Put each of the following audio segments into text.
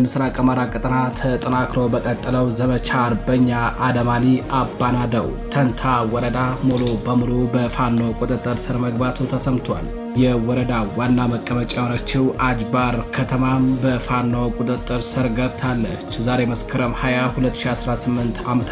በምስራቅ አማራ ቀጠና ተጠናክሮ በቀጠለው ዘመቻ አርበኛ አደማሊ አባናደው ተንታ ወረዳ ሙሉ በሙሉ በፋኖ ቁጥጥር ስር መግባቱ ተሰምቷል። የወረዳ ዋና መቀመጫ የሆነችው አጅባር ከተማም በፋኖ ቁጥጥር ስር ገብታለች። ዛሬ መስከረም 20 2018 ዓ ም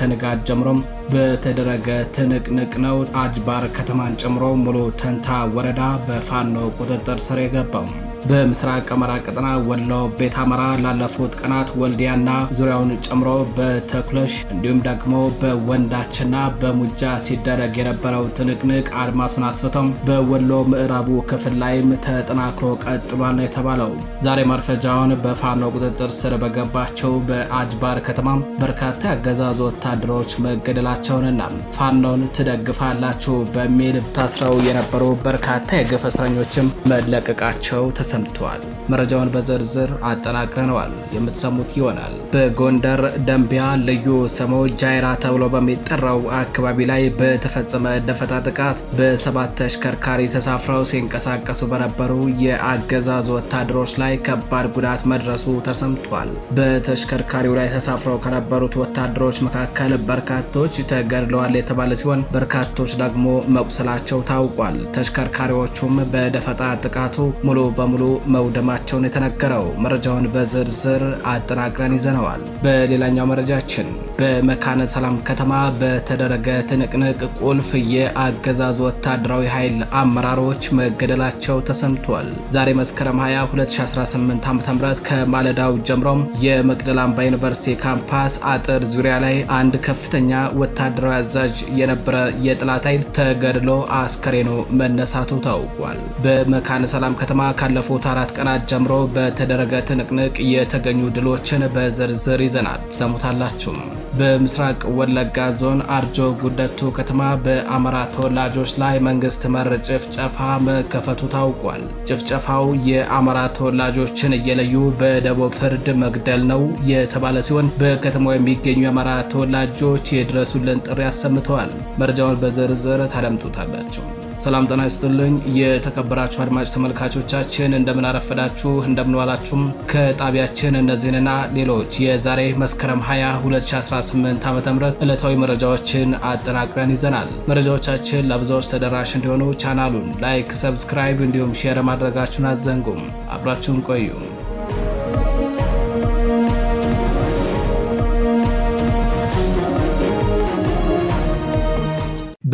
ከንጋት ጀምሮም በተደረገ ትንቅንቅ ነው አጅባር ከተማን ጨምሮ ሙሉ ተንታ ወረዳ በፋኖ ቁጥጥር ስር የገባው። በምስራቅ አማራ ቀጠና ወሎ ቤት አማራ ላለፉት ቀናት ወልዲያና ዙሪያውን ጨምሮ በተኩለሽ እንዲሁም ደግሞ በወንዳችና በሙጃ ሲደረግ የነበረው ትንቅንቅ አድማሱን አስፍቶም በወሎ ምዕራቡ ክፍል ላይም ተጠናክሮ ቀጥሏል ነው የተባለው። ዛሬ ማርፈጃውን በፋኖ ቁጥጥር ስር በገባቸው በአጅባር ከተማ በርካታ ያገዛዙ ወታደሮች መገደላቸውንና ፋኖን ትደግፋላችሁ በሚል ታስረው የነበሩ በርካታ የግፍ እስረኞችም መለቀቃቸው ተሰ ተሰምተዋል። መረጃውን በዝርዝር አጠናቅረነዋል የምትሰሙት ይሆናል። በጎንደር ደንቢያ ልዩ ስሙ ጃይራ ተብሎ በሚጠራው አካባቢ ላይ በተፈጸመ ደፈጣ ጥቃት በሰባት ተሽከርካሪ ተሳፍረው ሲንቀሳቀሱ በነበሩ የአገዛዝ ወታደሮች ላይ ከባድ ጉዳት መድረሱ ተሰምቷል። በተሽከርካሪው ላይ ተሳፍረው ከነበሩት ወታደሮች መካከል በርካቶች ተገድለዋል የተባለ ሲሆን በርካቶች ደግሞ መቁሰላቸው ታውቋል። ተሽከርካሪዎቹም በደፈጣ ጥቃቱ ሙሉ በሙሉ መውደማቸውን የተነገረው። መረጃውን በዝርዝር አጠናቅረን ይዘነዋል። በሌላኛው መረጃችን በመካነ ሰላም ከተማ በተደረገ ትንቅንቅ ቁልፍ የአገዛዝ ወታደራዊ ኃይል አመራሮች መገደላቸው ተሰምቷል። ዛሬ መስከረም 20 2018 ዓ.ም ከማለዳው ጀምሮም የመቅደል አምባ ዩኒቨርሲቲ ካምፓስ አጥር ዙሪያ ላይ አንድ ከፍተኛ ወታደራዊ አዛዥ የነበረ የጠላት ኃይል ተገድሎ አስከሬኑ መነሳቱ ታውቋል። በመካነ ሰላም ከተማ ካለፉት አራት ቀናት ጀምሮ በተደረገ ትንቅንቅ የተገኙ ድሎችን በዝርዝር ይዘናል። ሰሙታላችሁም በምስራቅ ወለጋ ዞን አርጆ ጉደቱ ከተማ በአማራ ተወላጆች ላይ መንግስት መር ጭፍጨፋ መከፈቱ ታውቋል። ጭፍጨፋው የአማራ ተወላጆችን እየለዩ በደቦ ፍርድ መግደል ነው የተባለ ሲሆን በከተማው የሚገኙ የአማራ ተወላጆች የድረሱልን ጥሪ አሰምተዋል። መረጃውን በዝርዝር ታደምጡታላቸው። ሰላም ጤና ይስጥልኝ። የተከበራችሁ አድማጭ ተመልካቾቻችን እንደምን አረፈዳችሁ፣ እንደምን ዋላችሁም። ከጣቢያችን እነዚህንና ሌሎች የዛሬ መስከረም 20 2018 ዓ.ም ዕለታዊ መረጃዎችን አጠናቅረን ይዘናል። መረጃዎቻችን ለብዙዎች ተደራሽ እንዲሆኑ ቻናሉን ላይክ፣ ሰብስክራይብ እንዲሁም ሼር ማድረጋችሁን አዘንጉም አብራችሁን ቆዩ።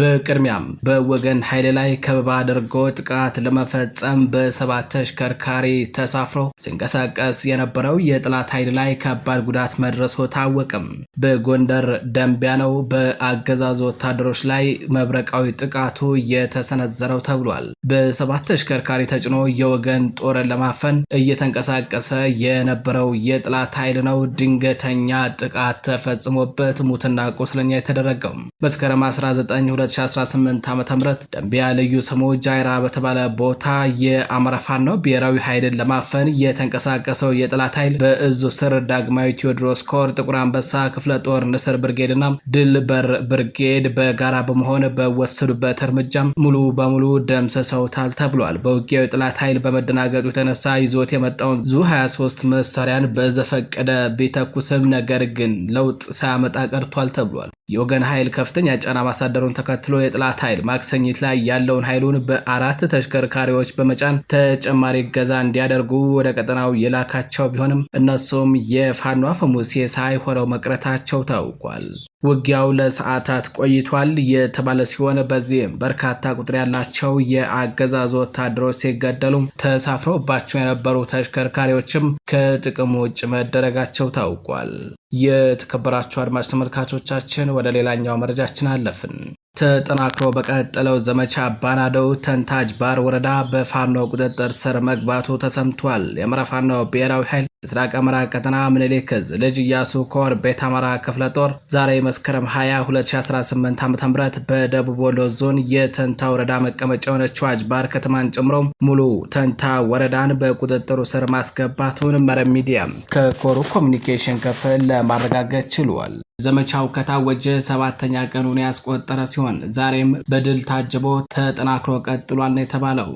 በቅድሚያም በወገን ኃይል ላይ ከበባ አድርጎ ጥቃት ለመፈጸም በሰባት ተሽከርካሪ ተሳፍሮ ሲንቀሳቀስ የነበረው የጠላት ኃይል ላይ ከባድ ጉዳት መድረሱ ታወቅም። በጎንደር ደንቢያ ነው በአገዛዙ ወታደሮች ላይ መብረቃዊ ጥቃቱ የተሰነዘረው ተብሏል። በሰባት ተሽከርካሪ ተጭኖ የወገን ጦርን ለማፈን እየተንቀሳቀሰ የነበረው የጠላት ኃይል ነው ድንገተኛ ጥቃት ተፈጽሞበት ሙትና ቁስለኛ የተደረገው መስከረም 19 2018 ዓ ም ደንቢያ ልዩ ስሙ ጃይራ በተባለ ቦታ የአማራ ፋኖ ብሔራዊ ኃይልን ለማፈን የተንቀሳቀሰው የጠላት ኃይል በእዙ ስር ዳግማዊ ቴዎድሮስ ኮር፣ ጥቁር አንበሳ ክፍለ ጦር፣ ንስር ብርጌድ ና ድል በር ብርጌድ በጋራ በመሆን በወሰዱበት እርምጃ ሙሉ በሙሉ ደምሰሰውታል ተብሏል። በውጊያው የጠላት ኃይል በመደናገጡ የተነሳ ይዞት የመጣውን ዙ 23 መሳሪያን በዘፈቀደ ቤተኩስም ነገር ግን ለውጥ ሳያመጣ ቀርቷል ተብሏል። የወገን ኃይል ከፍተኛ ጫና ማሳደሩን ተከትሎ የጥላት ኃይል ማክሰኝት ላይ ያለውን ኃይሉን በአራት ተሽከርካሪዎች በመጫን ተጨማሪ እገዛ እንዲያደርጉ ወደ ቀጠናው የላካቸው ቢሆንም እነሱም የፋኖ አፈሙሴ ሳይሆነው መቅረታቸው ታውቋል። ውጊያው ለሰዓታት ቆይቷል የተባለ ሲሆን በዚህም በርካታ ቁጥር ያላቸው የአገዛዙ ወታደሮች ሲገደሉ ተሳፍረውባቸው የነበሩ ተሽከርካሪዎችም ከጥቅም ውጭ መደረጋቸው ታውቋል። የተከበራችሁ አድማጭ ተመልካቾቻችን ወደ ሌላኛው መረጃችን አለፍን። ተጠናክሮ በቀጠለው ዘመቻ አባናደው ተንታጅ ባር ወረዳ በፋኖ ቁጥጥር ስር መግባቱ ተሰምቷል። የአማራ ፋኖ ብሔራዊ ኃይል ምስራቅ አማራ ቀጠና ምኒልክ ዕዝ ልጅ እያሱ ኮር ቤት አማራ ክፍለ ጦር ዛሬ መስከረም 20 2018 ዓ ም በደቡብ ወሎ ዞን የተንታ ወረዳ መቀመጫ የሆነችው አጅባር ከተማን ጨምሮ ሙሉ ተንታ ወረዳን በቁጥጥሩ ስር ማስገባቱን መረብ ሚዲያ ከኮሩ ኮሚኒኬሽን ክፍል ለማረጋገጥ ችሏል። ዘመቻው ከታወጀ ሰባተኛ ቀኑን ያስቆጠረ ሲሆን ዛሬም በድል ታጅቦ ተጠናክሮ ቀጥሏል ነው የተባለው።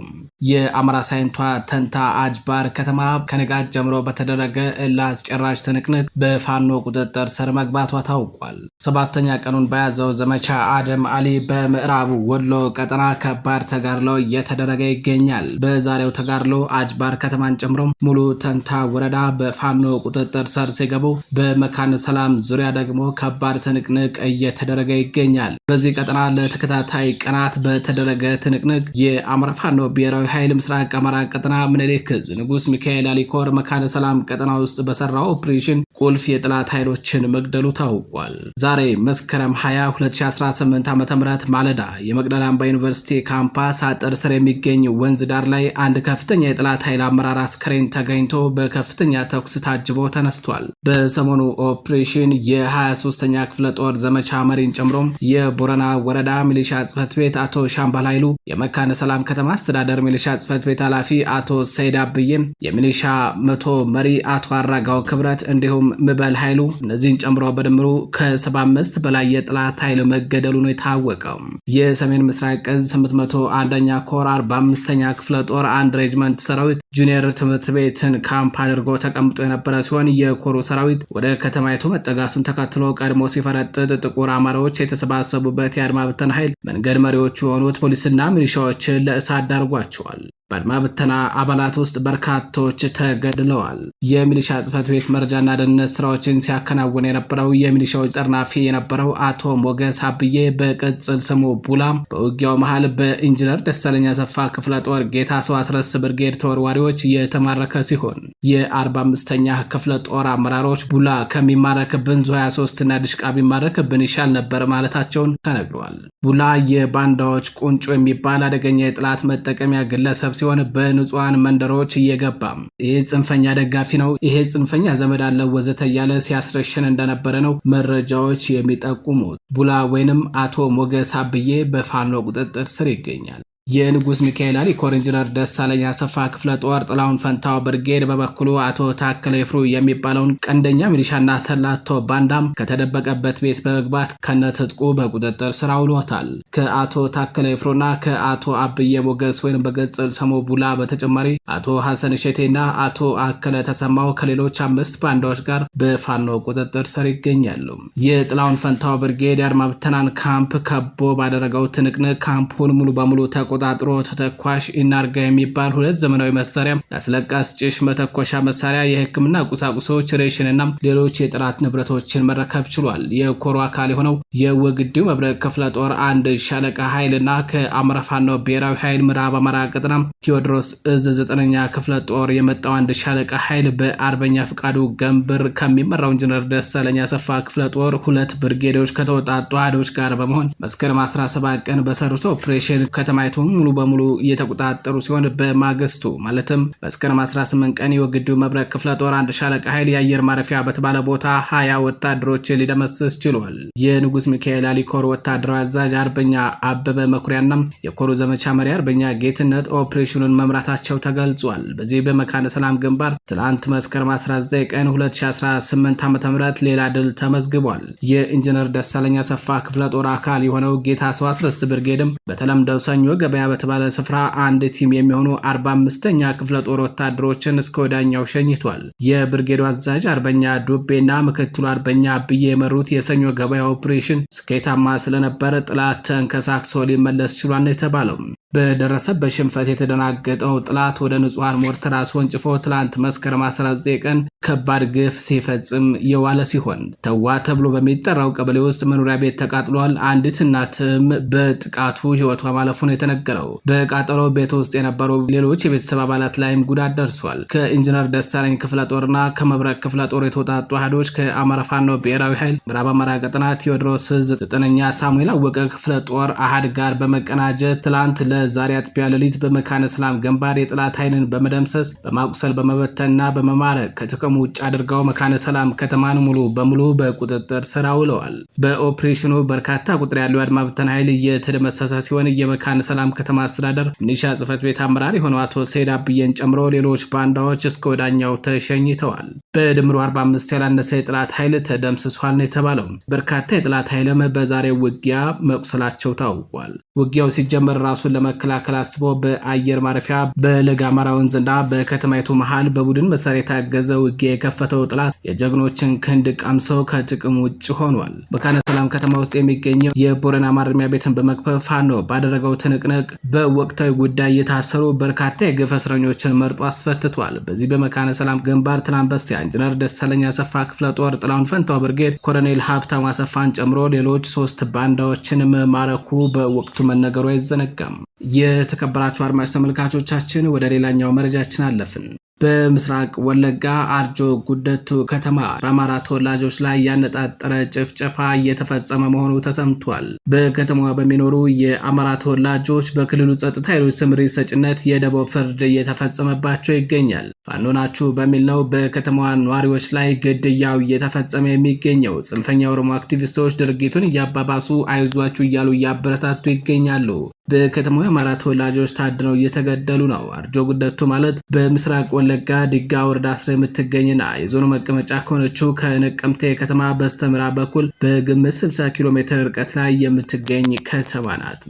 የአማራ ሳይንቷ ተንታ አጅባር ከተማ ከንጋት ጀምሮ በተደ በተደረገ እልህ አስጨራሽ ትንቅንቅ በፋኖ ቁጥጥር ስር መግባቷ ታውቋል። ሰባተኛ ቀኑን በያዘው ዘመቻ አደም አሊ በምዕራቡ ወሎ ቀጠና ከባድ ተጋድሎ እየተደረገ ይገኛል። በዛሬው ተጋድሎ አጅባር ከተማን ጨምሮ ሙሉ ተንታ ወረዳ በፋኖ ቁጥጥር ስር ሲገቡ፣ በመካነ ሰላም ዙሪያ ደግሞ ከባድ ትንቅንቅ እየተደረገ ይገኛል። በዚህ ቀጠና ለተከታታይ ቀናት በተደረገ ትንቅንቅ የአማራ ፋኖ ብሔራዊ ኃይል ምስራቅ አማራ ቀጠና ምኒልክ ንጉስ ሚካኤል አሊኮር መካነ ሰላም ቀጠና ውስጥ በሰራው ኦፕሬሽን ቁልፍ የጥላት ኃይሎችን መግደሉ ታውቋል። ዛሬ መስከረም 20 2018 ዓ ም ማለዳ የመቅደላ አምባ ዩኒቨርሲቲ ካምፓስ አጥር ስር የሚገኝ ወንዝ ዳር ላይ አንድ ከፍተኛ የጥላት ኃይል አመራር አስከሬን ተገኝቶ በከፍተኛ ተኩስ ታጅቦ ተነስቷል። በሰሞኑ ኦፕሬሽን የ23ኛ ክፍለ ጦር ዘመቻ መሪን ጨምሮም የቦረና ወረዳ ሚሊሻ ጽህፈት ቤት አቶ ሻምባል ኃይሉ፣ የመካነ ሰላም ከተማ አስተዳደር ሚሊሻ ጽህፈት ቤት ኃላፊ አቶ ሰይድ አብይም፣ የሚሊሻ መቶ መሪ አቶ አራጋው ክብረት እንዲሁም ምበል ኃይሉ እነዚህን ጨምሮ በድምሩ ከ75 በላይ የጠላት ኃይል መገደሉ ነው የታወቀው። የሰሜን ምስራቅ እዝ 801ኛ ኮር 45ኛ ክፍለ ጦር አንድ ሬጅመንት ሰራዊት ጁኒየር ትምህርት ቤትን ካምፕ አድርጎ ተቀምጦ የነበረ ሲሆን የኮሩ ሰራዊት ወደ ከተማይቱ መጠጋቱን ተከትሎ ቀድሞ ሲፈረጥጥ ጥቁር አማራዎች የተሰባሰቡበት የአድማ ብተን ኃይል መንገድ መሪዎቹ የሆኑት ፖሊስና ሚሊሻዎችን ለእሳት ዳርጓቸዋል። በአድማ ብተና አባላት ውስጥ በርካቶች ተገድለዋል። የሚሊሻ ጽሕፈት ቤት መረጃና ደህንነት ስራዎችን ሲያከናውን የነበረው የሚሊሻዎች ጠርናፊ የነበረው አቶ ሞገስ አብዬ በቅጽል ስሙ ቡላም በውጊያው መሃል በኢንጂነር ደሰለኛ ሰፋ ክፍለ ጦር ጌታ ሰው አስረስ ብርጌድ ተወርዋሪዎች የተማረከ ሲሆን የ45ኛ ክፍለ ጦር አመራሮች ቡላ ከሚማረክብን ዙ 23 እና ድሽቃ ቢማረክብን ይሻል ነበር ማለታቸውን ተነግሯል። ቡላ የባንዳዎች ቁንጮ የሚባል አደገኛ የጥላት መጠቀሚያ ግለሰብ ሲሆን በንጹሐን መንደሮች እየገባ ይህ ጽንፈኛ ደጋፊ ነው፣ ይሄ ጽንፈኛ ዘመድ አለ ወዘተ እያለ ሲያስረሽን እንደነበረ ነው መረጃዎች የሚጠቁሙት። ቡላ ወይንም አቶ ሞገስ አብዬ በፋኖ ቁጥጥር ስር ይገኛል። የንጉስ ሚካኤል አሊ ኮር ኢንጂነር ደሳለኝ አሰፋ ክፍለ ጦር ጥላሁን ፈንታው ብርጌድ በበኩሉ አቶ ታክለ ይፍሩ የሚባለውን ቀንደኛ ሚሊሻና ሰላቶ ባንዳም ከተደበቀበት ቤት በመግባት ከነትጥቁ በቁጥጥር ስራ ውሏታል። ከአቶ ታክለ ይፍሩና ከአቶ አብየ ሞገስ ወይም በገጽል ሰሞ ቡላ በተጨማሪ አቶ ሐሰን እሸቴና አቶ አከለ ተሰማው ከሌሎች አምስት ባንዳዎች ጋር በፋኖ ቁጥጥር ስር ይገኛሉ። የጥላሁን ፈንታው ብርጌድ የአድማ ብተናን ካምፕ ከቦ ባደረገው ትንቅንቅ ካምፑን ሙሉ በሙሉ ተቆ ተቆጣጥሮ ተተኳሽ ኢናርጋ የሚባል ሁለት ዘመናዊ መሳሪያ፣ አስለቃስ ጭሽ መተኮሻ መሳሪያ፣ የህክምና ቁሳቁሶች፣ ሬሽንና ሌሎች የጥራት ንብረቶችን መረከብ ችሏል። የኮሩ አካል የሆነው የወግዲው መብረቅ ክፍለ ጦር አንድ ሻለቃ ኃይልና ከአማራ ፋኖ ብሔራዊ ኃይል ምዕራብ አማራ ቅጥና ቴዎድሮስ እዝ ዘጠነኛ ክፍለ ጦር የመጣው አንድ ሻለቃ ኃይል በአርበኛ ፍቃዱ ገንብር ከሚመራው ኢንጂነር ደሳለኝ አሰፋ ክፍለ ጦር ሁለት ብርጌዶች ከተወጣጡ አዶች ጋር በመሆን መስከረም 17 ቀን በሰሩት ኦፕሬሽን ከተማይቱ ግዛቱን ሙሉ በሙሉ እየተቆጣጠሩ ሲሆን በማግስቱ ማለትም መስከረም 18 ቀን የወግዲው መብረቅ ክፍለ ጦር አንድ ሻለቃ ኃይል የአየር ማረፊያ በተባለ ቦታ ሀያ ወታደሮችን ሊደመስስ ችሏል። የንጉስ ሚካኤል አሊኮር ወታደራዊ አዛዥ አርበኛ አበበ መኩሪያና የኮሩ ዘመቻ መሪ አርበኛ ጌትነት ኦፕሬሽኑን መምራታቸው ተገልጿል። በዚህ በመካነ ሰላም ግንባር ትላንት መስከረም 19 ቀን 2018 ዓ.ም ሌላ ድል ተመዝግቧል። የኢንጂነር ደሳለኛ ሰፋ ክፍለ ጦር አካል የሆነው ጌታ ሰው አስረስ ብርጌድም በተለምደው ሰኞ ገበ ገበያ በተባለ ስፍራ አንድ ቲም የሚሆኑ 45ኛ ክፍለ ጦር ወታደሮችን እስከ ወዳኛው ሸኝቷል። የብርጌዱ አዛዥ አርበኛ ዱቤና ምክትሉ አርበኛ ብዬ የመሩት የሰኞ ገበያ ኦፕሬሽን ስኬታማ ስለነበረ ጥላት ተንከሳክሶ ሊመለስ ችሏል ነው የተባለው። በደረሰበት ሽንፈት የተደናገጠው ጥላት ወደ ንጹሐን ሞርተር አስወንጭፎ ትላንት መስከረም 19 ቀን ከባድ ግፍ ሲፈጽም የዋለ ሲሆን ተዋ ተብሎ በሚጠራው ቀበሌ ውስጥ መኖሪያ ቤት ተቃጥሏል። አንዲት እናትም በጥቃቱ ሕይወቷ ማለፉን የተነገረው በቃጠሎ ቤት ውስጥ የነበሩ ሌሎች የቤተሰብ አባላት ላይም ጉዳት ደርሷል። ከኢንጂነር ደሳለኝ ክፍለ ጦርና ከመብረቅ ክፍለ ጦር የተውጣጡ አህዶች ከአማራ ፋኖ ብሔራዊ ኃይል ምዕራብ አማራ ቀጠና ቴዎድሮስ ዘጠነኛ ሳሙኤል አወቀ ክፍለ ጦር አህድ ጋር በመቀናጀት ትላንት ለ ዛሬ አጥቢያ ሌሊት በመካነ ሰላም ግንባር የጠላት ኃይልን በመደምሰስ በማቁሰል በመበተንና በመማረክ ከጥቅም ውጭ አድርገው መካነ ሰላም ከተማን ሙሉ በሙሉ በቁጥጥር ስር አውለዋል። በኦፕሬሽኑ በርካታ ቁጥር ያለው የአድማ ብተን ኃይል እየተደመሰሰ ሲሆን የመካነ ሰላም ከተማ አስተዳደር ሚሊሻ ጽህፈት ቤት አመራር የሆነው አቶ ሰይድ አብዬን ጨምሮ ሌሎች ባንዳዎች እስከ ወዳኛው ተሸኝተዋል። በድምሩ 45 ያላነሰ የጠላት ኃይል ተደምስሷል ነው የተባለው። በርካታ የጠላት ኃይልም በዛሬው ውጊያ መቁሰላቸው ታውቋል። ውጊያው ሲጀመር ራሱን ለመ ለመከላከል አስቦ በአየር ማረፊያ በለጋ አማራ ወንዝና በከተማይቱ መሃል በቡድን መሳሪያ የታገዘ ውጊያ የከፈተው ጥላት የጀግኖችን ክንድ ቀምሶ ከጥቅም ውጭ ሆኗል። መካነ ሰላም ከተማ ውስጥ የሚገኘው የቦረና ማረሚያ ቤትን በመክበብ ፋኖ ባደረገው ትንቅንቅ በወቅታዊ ጉዳይ የታሰሩ በርካታ የግፍ እስረኞችን መርጦ አስፈትቷል። በዚህ በመካነ ሰላም ግንባር ትናንት በስቲያ ኢንጂነር ሰፋ አሰፋ ክፍለ ጦር ጥላውን ፈንታው ብርጌድ ኮሎኔል ሀብታም አሰፋን ጨምሮ ሌሎች ሶስት ባንዳዎችን መማረኩ በወቅቱ መነገሩ አይዘነጋም። የተከበራችሁ አድማጭ ተመልካቾቻችን ወደ ሌላኛው መረጃችን አለፍን። በምስራቅ ወለጋ አርጆ ጉደቱ ከተማ በአማራ ተወላጆች ላይ ያነጣጠረ ጭፍጨፋ እየተፈጸመ መሆኑ ተሰምቷል። በከተማዋ በሚኖሩ የአማራ ተወላጆች በክልሉ ጸጥታ ኃይሎች ስምሪት ሰጭነት የደቦ ፍርድ እየተፈጸመባቸው ይገኛል። ፋኖ ናችሁ በሚል ነው በከተማዋ ነዋሪዎች ላይ ግድያው እየተፈጸመ የሚገኘው። ጽንፈኛ ኦሮሞ አክቲቪስቶች ድርጊቱን እያባባሱ አይዟችሁ እያሉ እያበረታቱ ይገኛሉ። በከተማዋ የአማራ ተወላጆች ታድነው እየተገደሉ ነው። አርጆ ጉደቱ ማለት በምስራቅ ወለ ነጋ ዲጋ ወረዳ ስር የምትገኝና የዞኑ መቀመጫ ከሆነችው ከነቀምቴ ከተማ በስተምዕራብ በኩል በግምት 60 ኪሎ ሜትር ርቀት ላይ የምትገኝ ከተማ ናት።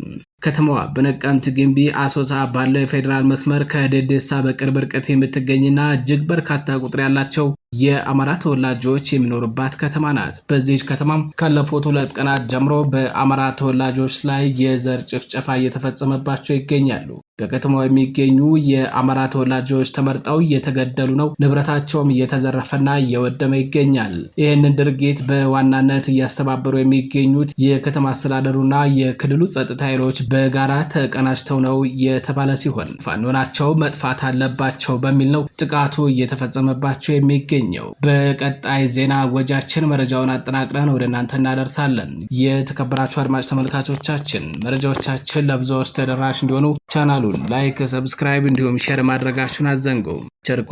ከተማዋ በነቀምት ግንቢ አሶሳ ባለው የፌዴራል መስመር ከደደሳ በቅርብ ርቀት የምትገኝና እጅግ በርካታ ቁጥር ያላቸው የአማራ ተወላጆች የሚኖሩባት ከተማ ናት። በዚህች ከተማም ካለፉት ሁለት ቀናት ጀምሮ በአማራ ተወላጆች ላይ የዘር ጭፍጨፋ እየተፈጸመባቸው ይገኛሉ። በከተማው የሚገኙ የአማራ ተወላጆች ተመርጠው እየተገደሉ ነው። ንብረታቸውም እየተዘረፈና እየወደመ ይገኛል። ይህንን ድርጊት በዋናነት እያስተባበሩ የሚገኙት የከተማ አስተዳደሩና የክልሉ ጸጥታ ኃይሎች በጋራ ተቀናጅተው ነው የተባለ ሲሆን ፋኖናቸው መጥፋት አለባቸው በሚል ነው ጥቃቱ እየተፈጸመባቸው የሚገኘው። በቀጣይ ዜና ወጃችን መረጃውን አጠናቅረን ወደ እናንተ እናደርሳለን። የተከበራችሁ አድማጭ ተመልካቾቻችን መረጃዎቻችን ለብዙዎች ተደራሽ እንዲሆኑ ቻናሉን ላይክ፣ ሰብስክራይብ እንዲሁም ሼር ማድረጋችሁን አዘንጎ ቸር